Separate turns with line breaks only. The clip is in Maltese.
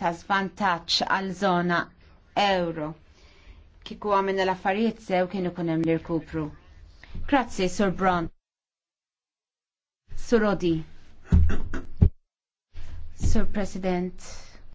ta' svantaċ għal zona euro. Kiku għamilna l-affarijiet sew kienu kunem l-irkupru. Grazzi, Sur Bron. Sur Odi. Sur President.